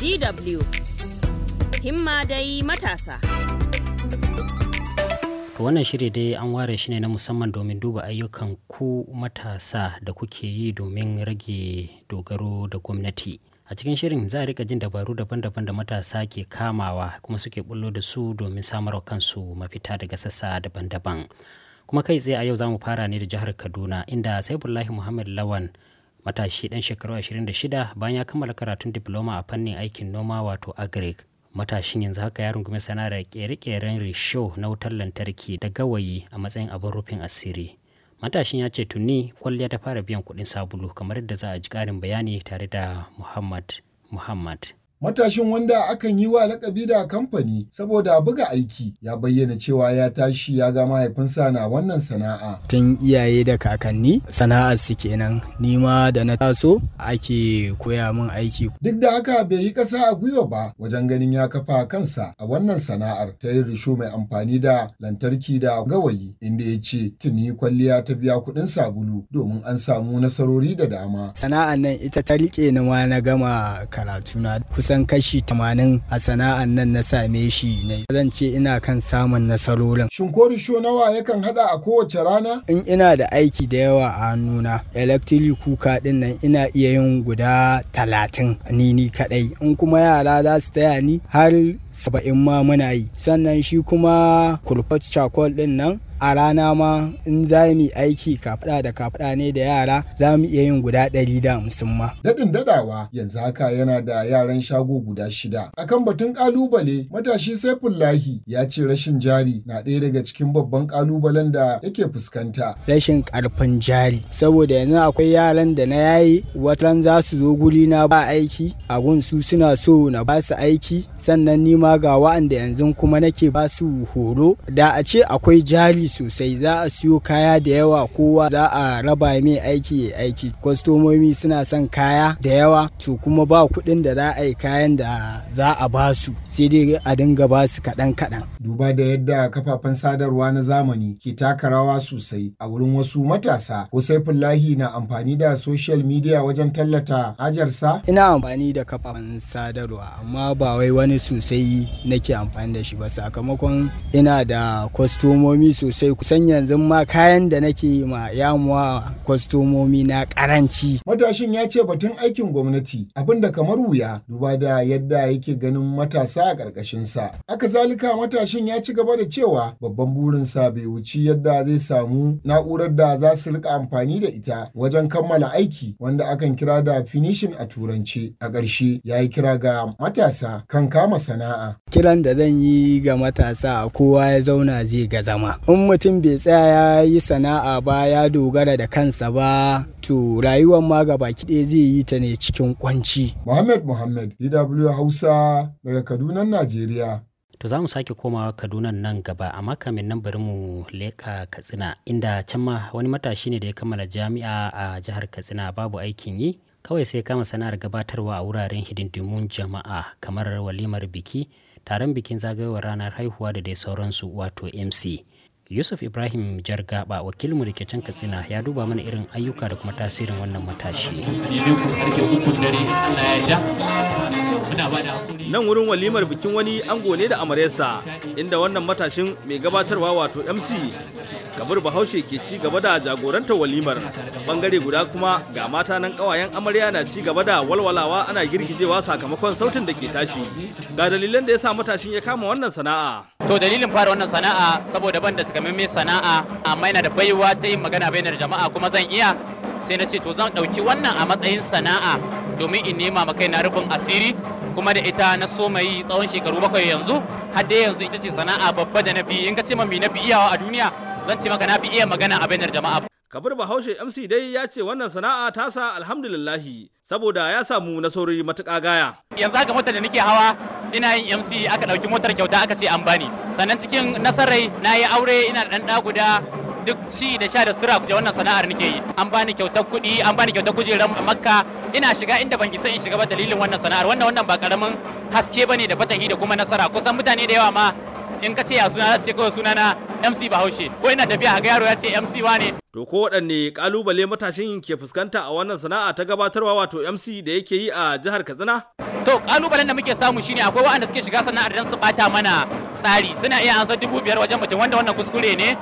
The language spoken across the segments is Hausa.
DW himma dai matasa. wannan shiri dai an ware shi ne na musamman domin duba ayyukan ku matasa da kuke yi domin rage dogaro da gwamnati a cikin shirin za a rika jin dabaru daban-daban da matasa ke kamawa kuma suke bullo da su domin samar wa kansu mafita daga sassa daban-daban kuma kai tsaye a yau za mu fara ne da jihar kaduna inda saifullahi muhammad lawan matashi dan shekaru 26 bayan ya kammala karatun diploma a fannin aikin noma wato agric matashin yanzu haka ya rungumi sana'ar kere-keren risho na wutar lantarki da gawayi a matsayin abin rufin asiri matashin ya ce tuni kwalliya ta fara biyan kuɗin sabulu kamar yadda za a ji ƙarin bayani tare da muhammad muhammad Matashin wanda akan yi wa lakabi da kamfani saboda buga aiki ya bayyana cewa ya tashi ya ga mahaifinsa na wannan sana'a. Tun iyaye da kakanni sana'ar su kenan nima da na taso ake koya min aiki. Duk da haka bai yi ƙasa a gwiwa ba wajen ganin ya kafa kansa a wannan sana'ar ta yi risho mai amfani da lantarki da gawayi inda ya ce tuni kwalliya ta biya kuɗin sabulu domin an samu nasarori da dama. Sana'an nan ita ta riƙe ni ma na gama karatuna kusa kusan kashi tamanin a sana'an nan na same shi ne zan ce ina kan samun nasarorin shin ko risho nawa yakan hada a kowace rana in ina da aiki da yawa a hannuna electric kuka din nan ina iya yin guda talatin, ni ni kadai in kuma yara za su taya ni har saba'in ma muna yi sannan shi kuma kulfat charcoal din nan a rana ma in za mu aiki kafaɗa da kafaɗa ne da yara za mu iya yin guda ɗari da hamsin Daɗin daɗawa, yanzu haka yana da yaran shago guda shida. Akan batun ƙalubale matashi Lahi ya ce rashin jari na ɗaya daga cikin babban ƙalubalen da yake fuskanta. Rashin ƙarfin jari saboda yanzu akwai yaran da na yayi watan za su zo guri na ba aiki a su suna so na ba su aiki sannan ni ma ga wa'anda yanzu kuma nake ba su horo da a ce akwai jari sosai za a siyo kaya da yawa kowa za a raba mai aiki ya aiki kwastomomi suna son kaya da yawa to kuma ba kuɗin da za a yi kayan da za a ba su sai dai a dinga ba su kaɗan kaɗan. duba da yadda kafafen sadarwa na zamani ke taka rawa sosai a wurin wasu matasa ko lahi na amfani da social media wajen tallata hajarsa ina amfani da kafafen sadarwa amma ba wai wani sosai nake amfani da shi ba sakamakon ina da kwastomomi sosai sosai kusan yanzu ma kayan da nake ma yamuwa kwastomomi na karanci. Matashin ya ce batun aikin gwamnati abin da kamar wuya duba da yadda yake ganin matasa a ƙarƙashinsa. Aka zalika matashin ya ci gaba da cewa babban burinsa bai wuci yadda zai samu na'urar da za su rika amfani da ita wajen kammala aiki wanda akan kira da finishin a turanci. A ƙarshe ya yi kira ga matasa kan kama sana'a. Kiran da zan yi ga matasa kowa ya zauna zai ga zama. In mutum bai tsaya ya yi sana'a ba ya dogara da kansa ba to rayuwar ma gaba kiɗe zai yi ta ne cikin kwanci. Muhammad Muhammad DW Hausa daga Kaduna Najeriya. To za mu sake komawa Kaduna nan gaba amma kamin nan bari mu leƙa Katsina inda can ma wani matashi ne da ya kammala jami'a a jihar Katsina babu aikin yi kawai sai kama sana'ar gabatarwa a wuraren hidindimun jama'a kamar walimar biki taron bikin zagayowar ranar haihuwa da dai sauransu wato MC. yusuf ibrahim jargaba wakilin mu katsina ya duba mana irin ayyuka da kuma tasirin wannan matashi nan wurin walimar bikin wani ango ne da amaryarsa inda wannan matashin mai gabatarwa wato mc kabir bahaushe ke ci gaba da jagorantar walimar bangare guda kuma ga mata nan kawayen amarya na ci gaba da walwalawa ana girgijewa sakamakon sautin da ke tashi ga dalilan da ya sa matashin ya kama wannan sana'a to dalilin fara wannan sana'a saboda ban da takamaimai sana'a amma yana da baiwa ta yin magana bainar jama'a kuma zan iya sai na ce to zan ɗauki wannan a matsayin sana'a domin in nema ma kai na rufin asiri kuma da ita na so mai tsawon shekaru bakwai yanzu har dai yanzu ita ce sana'a babba da na biyu in ka ce ma min na fi iyawa a duniya zan ce maka na fi iya magana a bainar jama'a kabir bahaushe mc dai ya ce wannan sana'a ta sa alhamdulillahi saboda ya samu nasarori matuƙa gaya yanzu haka motar da nake hawa ina yin mc aka ɗauki motar kyauta aka ce an bani sannan cikin nasarai na yi aure ina da ɗan guda duk ci da sha da sura da wannan sana'ar nake yi an bani kyautar kuɗi an bani kyautar kujerar makka ina shiga inda ban isa in shiga ba dalilin wannan sana'ar wannan wannan ba karamin haske bane da fatahi da kuma nasara kusan mutane da yawa ma in ka ce ya suna za ce kawai suna na MC Bahaushe ko ina tafiya a ga yaro ya ce MC wane to ko waɗanne kalubale matashin ke fuskanta a wannan sana'a ta gabatarwa wato MC da yake yi a jihar Katsina to kalubalen da muke samu shine akwai waɗanda suke shiga sana'ar dan su bata mana tsari suna iya ansa dubu biyar wajen mutum wanda wannan kuskure ne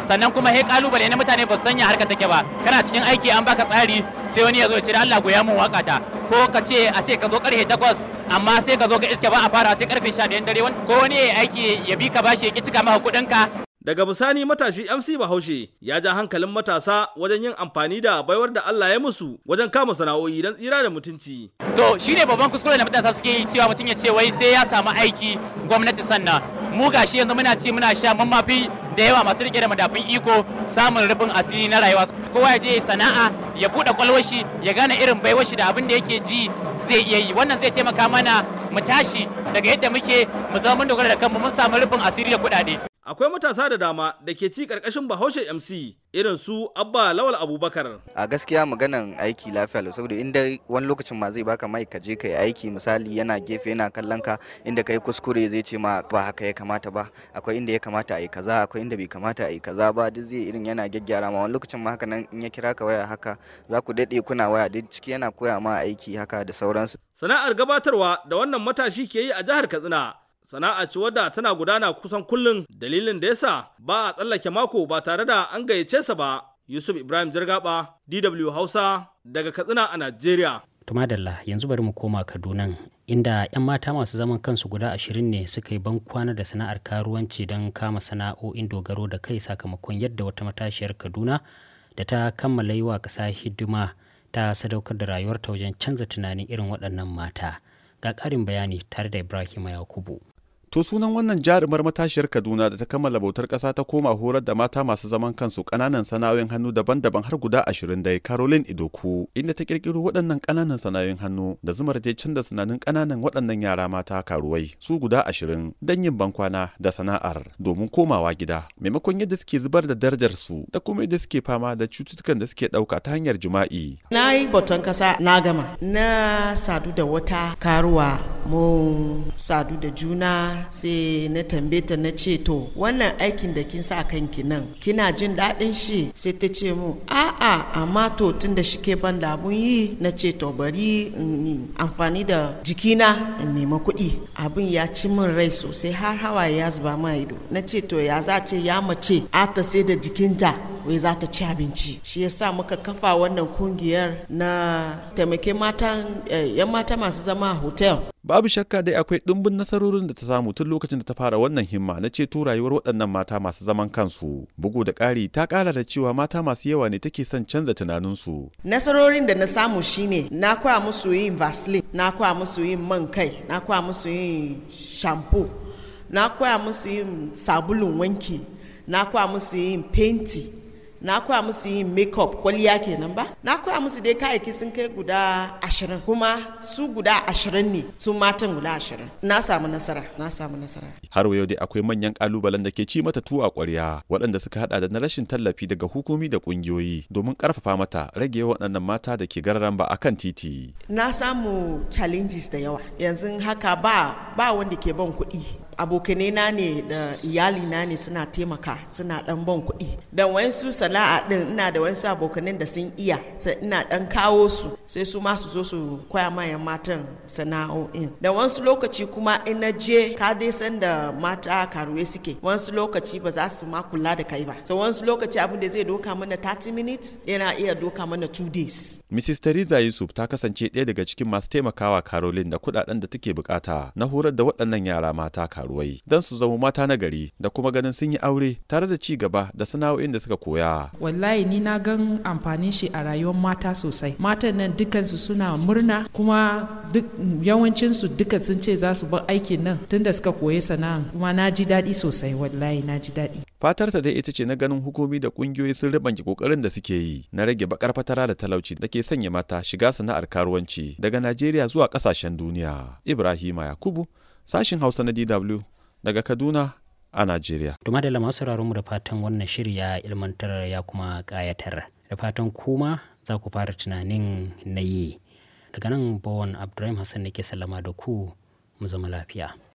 sannan kuma he kalubale na mutane ba sanya harka take ba kana cikin aiki an baka tsari sai wani ya zo ya ce Allah goya mun wakata ko ka ce a ce ka zo karfe takwas amma sai ka zo ka iske ba a fara sai karfe 11 dare ko wani ya aiki ya bi ka bashi ya ki cika maka kuɗin ka daga bisani matashi MC Bahaushe ya ja hankalin matasa wajen yin amfani da baiwar da Allah ya musu wajen kama sana'o'i don tsira da mutunci. To shine babban kuskure da matasa suke yi cewa mutum ya ce wai sai ya samu aiki gwamnati sannan mu gashi yanzu muna ci muna sha mun mafi da yawa masu rike da madafin iko samun rufin asiri na rayuwa kowa ya je sana'a ya bude kwalwashi ya gane irin baiwashi da abin da yake ji zai iya yi wannan zai taimaka mana mu tashi daga yadda muke mu zama mun dogara da kanmu mun samu rufin asiri da kuɗaɗe akwai matasa da dama da ke ci karkashin bahaushe mc irin su abba lawal abubakar a gaskiya maganan aiki lafiya lau saboda inda wani lokacin ma zai baka mai ka je ka yi aiki misali yana gefe yana kallon ka inda ka kuskure zai ce ma ba haka ya kamata ba akwai inda ya kamata a yi kaza akwai inda bai kamata a yi kaza ba duk zai irin yana gyaggyara ma wani lokacin ma haka nan in ya kira ka waya haka za ku daɗe kuna waya duk ciki yana koya ma aiki haka da sauransu sana'ar gabatarwa da wannan matashi ke yi a jihar katsina sana'a ce wadda tana gudana kusan kullum dalilin da yasa ba a tsallake mako ba tare da an gayyace sa ba yusuf ibrahim jirgaba dw hausa daga katsina a najeriya tumadalla yanzu bari mu koma kaduna inda 'yan mata masu zaman kansu guda ashirin ne suka yi bankwana da sana'ar karuwanci don kama sana'o'in dogaro da kai sakamakon yadda wata matashiyar kaduna da ta kammala yi wa ƙasa hidima ta sadaukar da rayuwarta wajen canza tunanin irin waɗannan mata ga ƙarin bayani tare da ibrahim yakubu To sunan wannan jarumar matashiyar Kaduna da ta kammala bautar ƙasa ta koma horar da mata masu zaman kansu kananan sana'o'in hannu daban-daban har guda ashirin dai Caroline Idoku inda ta kirkiro waɗannan kananan sana'o'in hannu da zumar je canza sunanin kananan waɗannan yara mata karuwai su guda ashirin dan yin bankwana da sana'ar domin komawa gida maimakon yadda suke zubar da darajar su da kuma yadda suke fama da cututtukan da suke ɗauka ta hanyar jima'i. Na yi bautan ƙasa na gama na sadu da wata karuwa mun sadu da juna sai na tambaye ta na ce to wannan aikin da kin sa kanki nan kina jin daɗin shi sai ta ce mu a'a amma to tun da shike ban da abun yi na ce to bari in amfani da jikina in nema kuɗi abin ya ci min rai sosai har hawa ya zuba ma ido na ce to ya za ce ya mace a ta sai da jikinta wai za ta ci abinci shi yasa muka kafa wannan kungiyar na taimake matan eh, yan mata masu zama a hotel babu shakka dai akwai ɗumbin nasarorin da ta samu tun lokacin da ta fara wannan himma na ceto rayuwar waɗannan mata masu zaman kansu bugu da ƙari ta ƙara da cewa mata masu yawa ne take son canza tunaninsu nasarorin da na samu shine na kwa musu yin vaseline na kwa musu yin man kai na kwa musu yin shampoo na kwa musu yin sabulun wanki na kwa musu yin fenti na koya musu yin makeup kwalliya kenan ba na koya musu dai kayayyaki sun kai guda ashirin kuma su guda ashirin ne sun matan guda ashirin na samu nasara na samu nasara har yau dai akwai manyan kalubalen da ke ci mata tuwa kwarya waɗanda suka hada da na rashin tallafi daga hukumi da kungiyoyi domin karfafa mata rage waɗannan mata da ke gararan ba akan titi na samu challenges da yawa yanzu haka ba ba wanda ke ban kuɗi abokanena ne da iyalina ne suna taimaka suna dan ban kuɗi da wasu sana'a din ina da wasu abokanin da sun iya ina dan kawo su sai su ma su zo su koya mayan matan sana'o'in da wasu lokaci kuma in na je ka dai san da mata karuwe suke wasu lokaci ba za su ma kula da kai ba so wasu lokaci abin da zai doka mana 30 minutes yana iya doka mana 2 days Mrs. Theresa Yusuf ta kasance ɗaya daga cikin masu taimakawa Caroline da kuɗaɗen da take bukata na horar da waɗannan yara mata Caroline karuwai don su zama mata na gari da kuma ganin sun yi aure tare da ci gaba da sana'o'in da suka koya wallahi ni na gan amfanin shi a rayuwar mata sosai matan nan dukansu suna murna kuma duk yawancinsu duka sun ce za su bar aikin nan tunda suka koyi sana'a kuma na ji daɗi sosai wallahi na ji daɗi fatarta dai ita ce na ganin hukumi da kungiyoyi sun ribanki kokarin da suke yi na rage bakar fatara da talauci da ke sanya mata shiga sana'ar karuwanci daga Najeriya zuwa ƙasashen duniya. Ibrahima Yakubu sashin Hausa na DW daga Kaduna a Najeriya. Tuma da masu mu da fatan wannan shiri ya ilmantar ya kuma ƙayatar. Da fatan kuma za ku fara tunanin na yi. Daga nan Bowen Abdurrahim Hassan nake sallama da ku mu zama lafiya.